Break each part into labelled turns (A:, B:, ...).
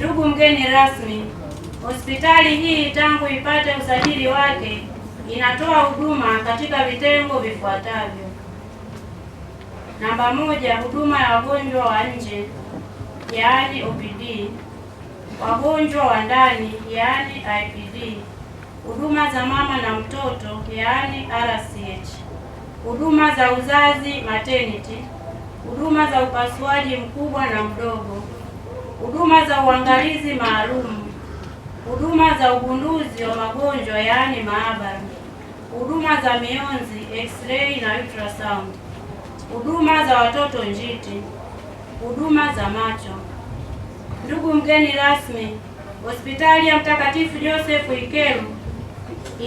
A: Ndugu mgeni rasmi, hospitali hii tangu ipate usajili wake inatoa huduma katika vitengo vifuatavyo. Namba moja, huduma ya wagonjwa wa nje yaani OPD, wagonjwa wa ndani yaani IPD, huduma za mama na mtoto yaani RCH, huduma za uzazi maternity, huduma za upasuaji mkubwa na mdogo huduma za uangalizi maalum, huduma za ugunduzi wa magonjwa yaani maabara, huduma za mionzi x-ray na ultrasound, huduma za watoto njiti, huduma za macho. Ndugu mgeni rasmi, hospitali ya Mtakatifu Joseph Ikelu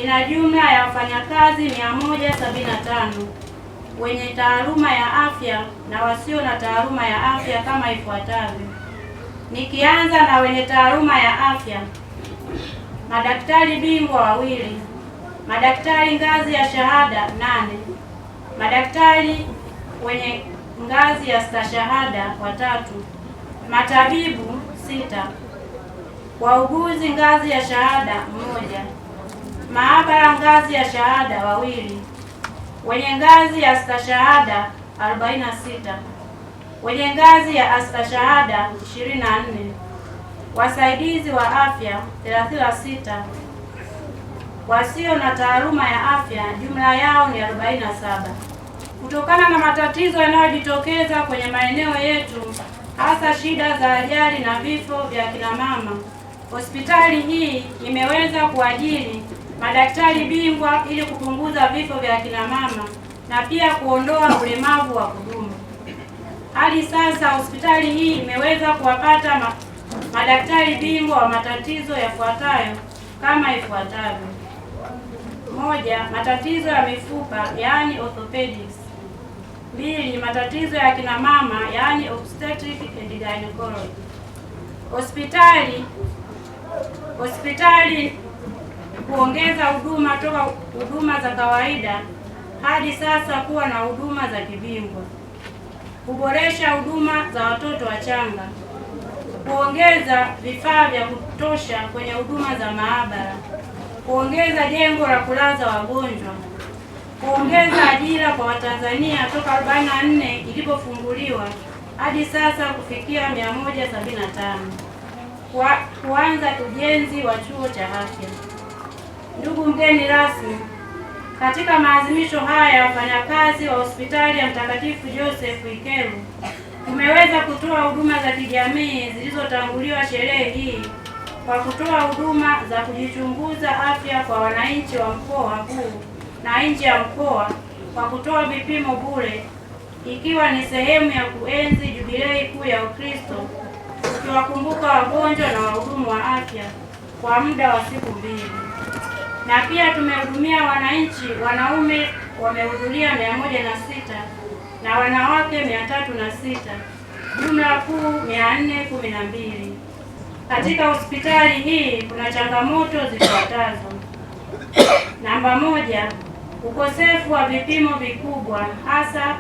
A: ina jumla ya wafanyakazi 175 wenye taaluma ya afya na wasio na taaluma ya afya kama ifuatavyo: nikianza na wenye taaluma ya afya, madaktari bingwa wawili, madaktari ngazi ya shahada nane, madaktari wenye ngazi ya stashahada watatu, matabibu sita, wauguzi ngazi ya shahada mmoja, maabara ngazi ya shahada wawili, wenye ngazi ya stashahada 46 wenye ngazi ya astashahada 24, wasaidizi wa afya 36, wasio na taaluma ya afya jumla yao ni 47. Kutokana na matatizo yanayojitokeza kwenye maeneo yetu, hasa shida za ajali na vifo vya kina mama, hospitali hii imeweza kuajiri madaktari bingwa ili kupunguza vifo vya kina mama na pia kuondoa ulemavu wa kudumu. Hadi sasa hospitali hii imeweza kuwapata ma, madaktari bingwa wa matatizo yafuatayo kama ifuatavyo: moja, matatizo ya mifupa yaani orthopedics; mbili, matatizo ya kina mama yaani obstetric and gynecology. Hospitali hospitali kuongeza huduma toka huduma za kawaida hadi sasa kuwa na huduma za kibingwa kuboresha huduma za watoto wachanga, kuongeza vifaa vya kutosha kwenye huduma za maabara, kuongeza jengo la kulaza wagonjwa, kuongeza ajira kwa Watanzania toka 44 ilipofunguliwa hadi sasa kufikia 175, kuanza ujenzi wa chuo cha afya. Ndugu mgeni rasmi katika maadhimisho haya ya wafanyakazi wa hospitali ya Mtakatifu Joseph Ikelu tumeweza kutoa huduma za kijamii zilizotanguliwa sherehe hii kwa kutoa huduma za kujichunguza afya kwa wananchi wa mkoa huu na nje ya mkoa kwa kutoa vipimo bure, ikiwa ni sehemu ya kuenzi jubilei kuu ya Ukristo, tukiwakumbuka wagonjwa na wahudumu wa afya kwa muda wa siku mbili na pia tumehudumia wananchi, wanaume wamehudhuria mia moja na sita na wanawake mia tatu na sita jumla kuu mia nne kumi na mbili. Katika hospitali hii kuna changamoto zifuatazo: namba moja, ukosefu wa vipimo vikubwa hasa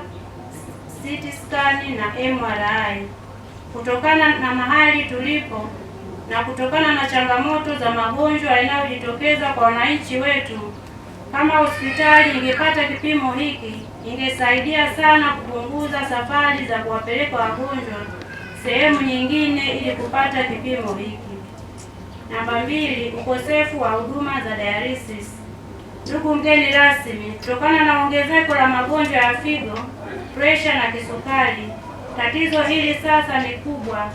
A: CT scan na MRI kutokana na mahali tulipo na kutokana na changamoto za magonjwa yanayojitokeza kwa wananchi wetu, kama hospitali ingepata kipimo hiki ingesaidia sana kupunguza safari za kuwapeleka wagonjwa sehemu nyingine ili kupata kipimo hiki. Namba mbili, ukosefu wa huduma za dialysis. Ndugu mgeni rasmi, kutokana na ongezeko la magonjwa ya figo, presha na kisukari, tatizo hili sasa ni kubwa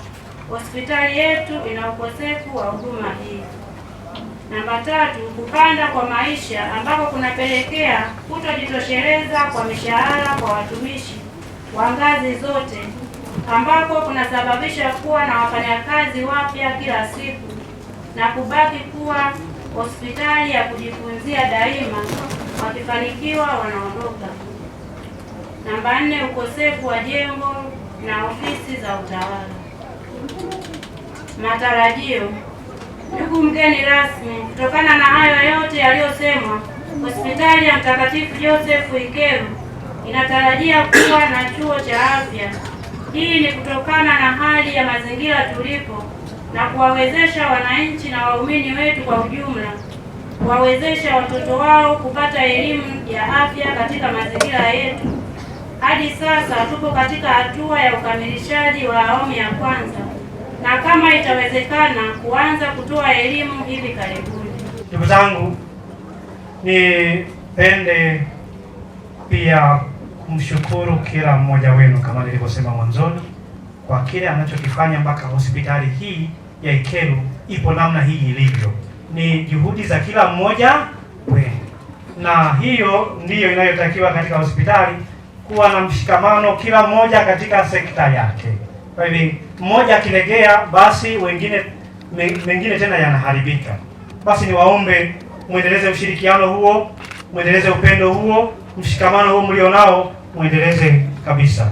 A: hospitali yetu ina ukosefu wa huduma hii. Namba tatu, kupanda kwa maisha ambako kunapelekea kutojitosheleza kwa mishahara kwa watumishi wa ngazi zote ambapo kunasababisha kuwa na wafanyakazi wapya kila siku na kubaki kuwa hospitali ya kujifunzia daima, wakifanikiwa wanaondoka. Namba nne, ukosefu wa jengo na ofisi za utawala. Matarajio. Ndugu mgeni rasmi, kutokana na hayo yote yaliyosemwa, hospitali ya Mtakatifu Josefu Ikelu inatarajia kuwa na chuo cha afya. Hii ni kutokana na hali ya mazingira tulipo na kuwawezesha wananchi na waumini wetu kwa ujumla kuwawezesha watoto wao kupata elimu ya afya katika mazingira yetu. Hadi sasa tupo katika hatua ya ukamilishaji wa awamu ya kwanza na kama itawezekana kuanza kutoa elimu hivi karibuni.
B: Ndugu zangu, nipende pia kumshukuru kila mmoja wenu kama nilivyosema mwanzoni kwa kile anachokifanya mpaka hospitali hii ya Ikelu ipo namna hii ilivyo. Ni juhudi za kila mmoja wenu, na hiyo ndiyo inayotakiwa katika hospitali, kuwa na mshikamano kila mmoja katika sekta yake. Kwa hivyo mmoja akilegea, basi wengine mengine tena yanaharibika. Basi niwaombe muendeleze ushirikiano huo, muendeleze upendo huo, mshikamano huo mlionao, muendeleze kabisa.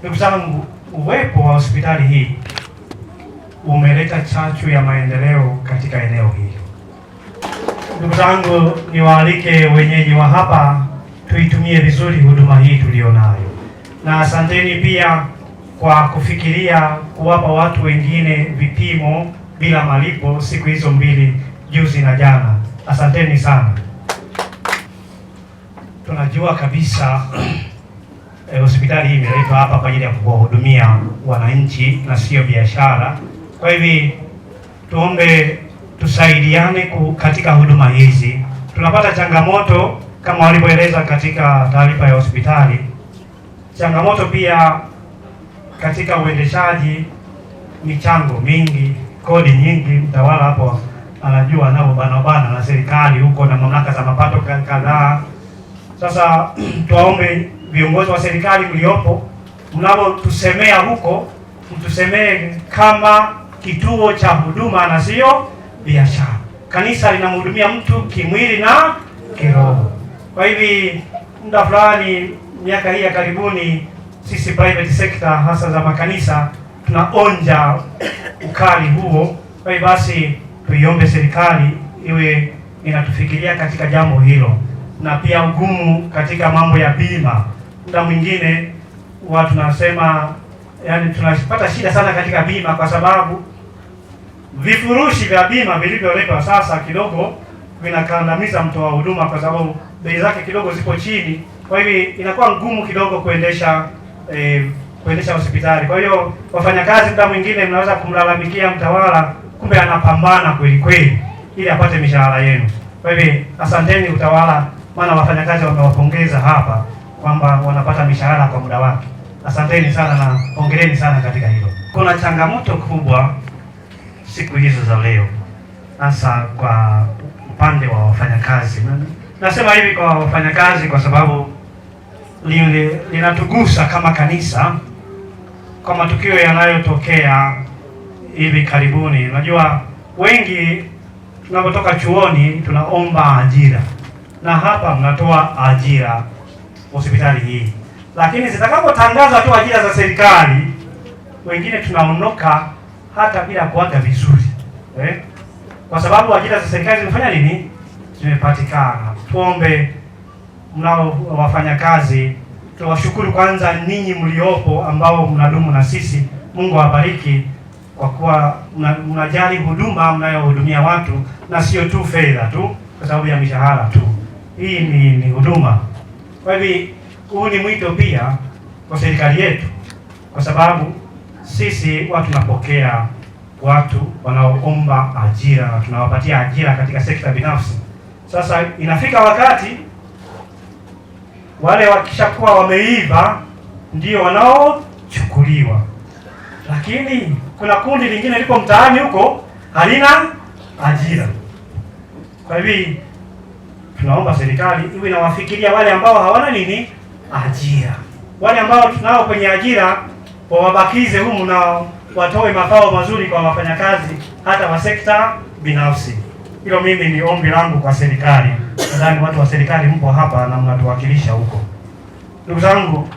B: Ndugu zangu, uwepo wa hospitali hii umeleta chachu ya maendeleo katika eneo hili. Ndugu zangu, niwaalike wenyeji wa hapa tuitumie vizuri huduma hii tulionayo, na asanteni pia kwa kufikiria kuwapa watu wengine vipimo bila malipo siku hizo mbili, juzi na jana. Asanteni sana. Tunajua kabisa eh, hospitali hii imeletwa hapa kwa ajili ya kuwahudumia wananchi na sio biashara. Kwa hivi tuombe tusaidiane katika huduma hizi. Tunapata changamoto kama walivyoeleza katika taarifa ya hospitali, changamoto pia katika uendeshaji michango mingi, kodi nyingi. Mtawala hapo anajua nao anaobanabana na serikali huko na mamlaka za mapato kadhaa. Sasa tuwaombe viongozi wa serikali mliopo, mnavyotusemea huko, mtusemee kama kituo cha huduma na sio biashara. Kanisa linamhudumia mtu kimwili na kiroho. Kwa hivi muda fulani, miaka hii ya karibuni sisi private sector hasa za makanisa tunaonja ukali huo. Kwa hiyo basi tuiombe serikali iwe inatufikiria katika jambo hilo, na pia ugumu katika mambo ya bima. Muda mwingine huwa tunasema yani, tunapata shida sana katika bima kwa sababu vifurushi vya bima vilivyoletwa sasa kidogo vinakandamiza mtoa huduma kwa sababu bei zake kidogo ziko chini, kwa hivyo inakuwa ngumu kidogo kuendesha Eh, kuendesha hospitali. Kwa hiyo wafanyakazi, muda mwingine mnaweza kumlalamikia mtawala, kumbe anapambana kweli kweli ili apate mishahara yenu. Kwa hivyo asanteni utawala, maana wafanyakazi wamewapongeza hapa kwamba wanapata mishahara kwa muda wake. Asanteni sana na hongereni sana katika hilo. Kuna changamoto kubwa siku hizo za leo, hasa kwa upande wa wafanyakazi. Nasema hivi kwa wafanyakazi kwa sababu linatugusa li, kama kanisa kwa matukio yanayotokea hivi karibuni. Unajua, wengi tunapotoka chuoni tunaomba ajira, na hapa mnatoa ajira hospitali hii, lakini zitakapotangaza tu ajira za serikali, wengine tunaondoka hata bila kuaga vizuri eh? Kwa sababu ajira za serikali zimefanya nini? Zimepatikana. Tuombe mnao wafanyakazi, tunawashukuru kwanza ninyi mliopo ambao mnadumu na sisi. Mungu awabariki kwa kuwa mnajali huduma mnayohudumia watu na sio tu fedha tu, kwa sababu ya mishahara tu. Hii ni, ni huduma. Kwa hivyo huu ni mwito pia kwa serikali yetu, kwa sababu sisi watu tunapokea watu wanaoomba ajira na tunawapatia ajira katika sekta binafsi. Sasa inafika wakati wale wakishakuwa wameiva ndio wanaochukuliwa, lakini kuna kundi lingine liko mtaani huko halina ajira. Kwa hivi tunaomba serikali iwe inawafikiria wale ambao hawana nini ajira, wale ambao tunao kwenye ajira wawabakize humu na watoe mafao mazuri kwa wafanyakazi hata wa sekta binafsi. Hilo mimi ni ombi langu kwa serikali. Nadhani watu wa serikali mpo hapa na mnatuwakilisha huko. Ndugu zangu,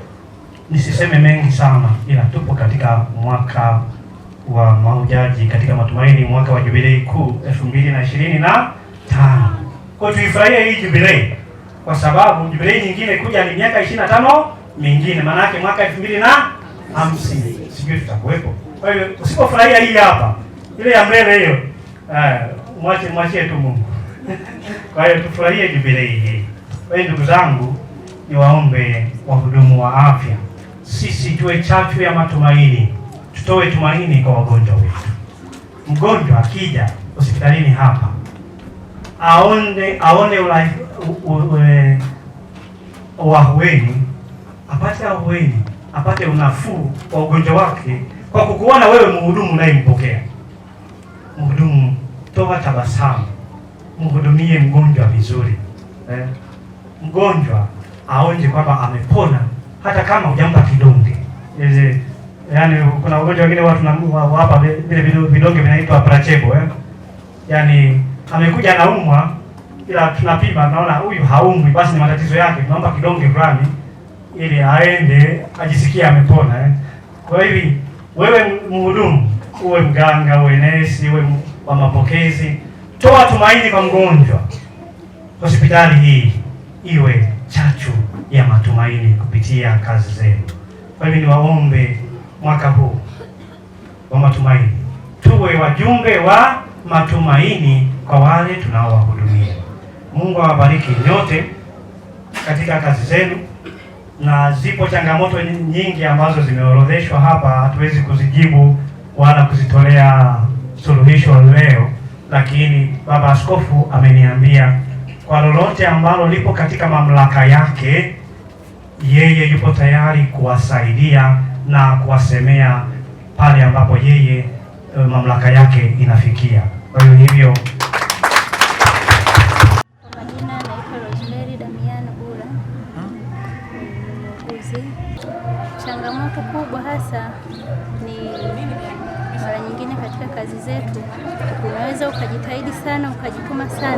B: nisiseme mengi sana, ila tupo katika mwaka wa mahujaji, katika matumaini, mwaka wa jubilei kuu elfu mbili na ishirini na tano. Kwa tuifurahie hii jubilei kwa sababu jubilei nyingine kuja ni miaka 25 mingine, maana yake mwaka 2050 sijui tutakuwepo. Kwa hiyo usipofurahia hii hapa ile ya mbele hiyo eh, mwache mwachie tu Mungu. Kwa hiyo tufurahie jubilei hii. Kwa hiyo ndugu zangu, niwaombe wahudumu wa afya, sisi tuwe chachu ya matumaini, tutoe tumaini kwa wagonjwa wetu. Mgonjwa akija hospitalini hapa aone aone e, ahueni, apate ahueni, apate unafuu wa ugonjwa wake, kwa kukuona wewe mhudumu unayempokea mhudumu toa tabasamu, mhudumie mgonjwa vizuri eh? Mgonjwa aonje kwamba amepona hata kama hujampa kidonge. Yani kuna ugonjwa wengine watu hapa vile vidonge vinaitwa placebo eh? Yani amekuja anaumwa, ila tunapima naona huyu haumwi, basi ni matatizo yake, tunampa kidonge fulani ili aende ajisikie amepona eh? Kwa hivi wewe mhudumu, uwe mganga, uwe nesi, uwe wa mapokezi, toa tumaini kwa mgonjwa. Hospitali hii iwe chachu ya matumaini kupitia kazi zetu Kwa hivyo niwaombe mwaka huu wa matumaini, tuwe wajumbe wa matumaini kwa wale tunaowahudumia. Mungu awabariki nyote katika kazi zenu, na zipo changamoto nyingi ambazo zimeorodheshwa hapa, hatuwezi kuzijibu wala kuzitolea suluhisho leo, lakini baba askofu ameniambia kwa lolote ambalo lipo katika mamlaka yake, yeye yupo tayari kuwasaidia na kuwasemea pale ambapo yeye eh, mamlaka yake inafikia. Kwa hiyo hivyo
C: changamoto kubwa hasa ni mara nyingine katika kazi zetu unaweza ukajitahidi sana ukajituma sana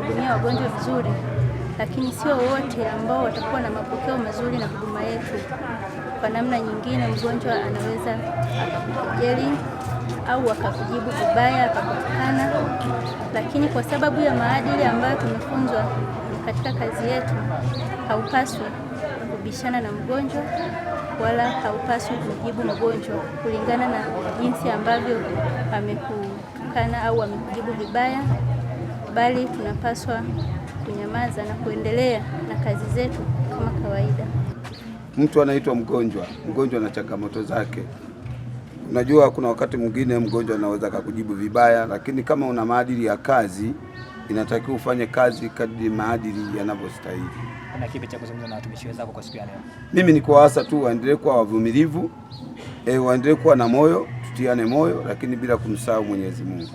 C: kuhudumia wagonjwa vizuri, lakini sio wote ambao watakuwa na mapokeo mazuri na huduma yetu. Kwa namna nyingine, mgonjwa anaweza akakujeli au akakujibu vibaya akakutukana, lakini kwa sababu ya maadili ambayo tumefunzwa katika kazi yetu, haupaswi kubishana na mgonjwa wala haupaswi kujibu mgonjwa kulingana na jinsi ambavyo amekutukana au amekujibu vibaya, bali tunapaswa kunyamaza na kuendelea na kazi zetu kama kawaida.
D: Mtu anaitwa mgonjwa, mgonjwa na changamoto zake. Unajua, kuna wakati mwingine mgonjwa anaweza akakujibu vibaya, lakini kama una maadili ya kazi inatakiwa ufanye kazi kadri maadili yanavyostahili.
E: Kuna kipi cha kuzungumza na watumishi wenzako kwa siku ya leo?
D: Mimi ni kuwaasa tu waendelee kuwa wavumilivu, eh, waendelee kuwa na moyo, tutiane moyo, lakini bila kumsahau Mwenyezi Mungu.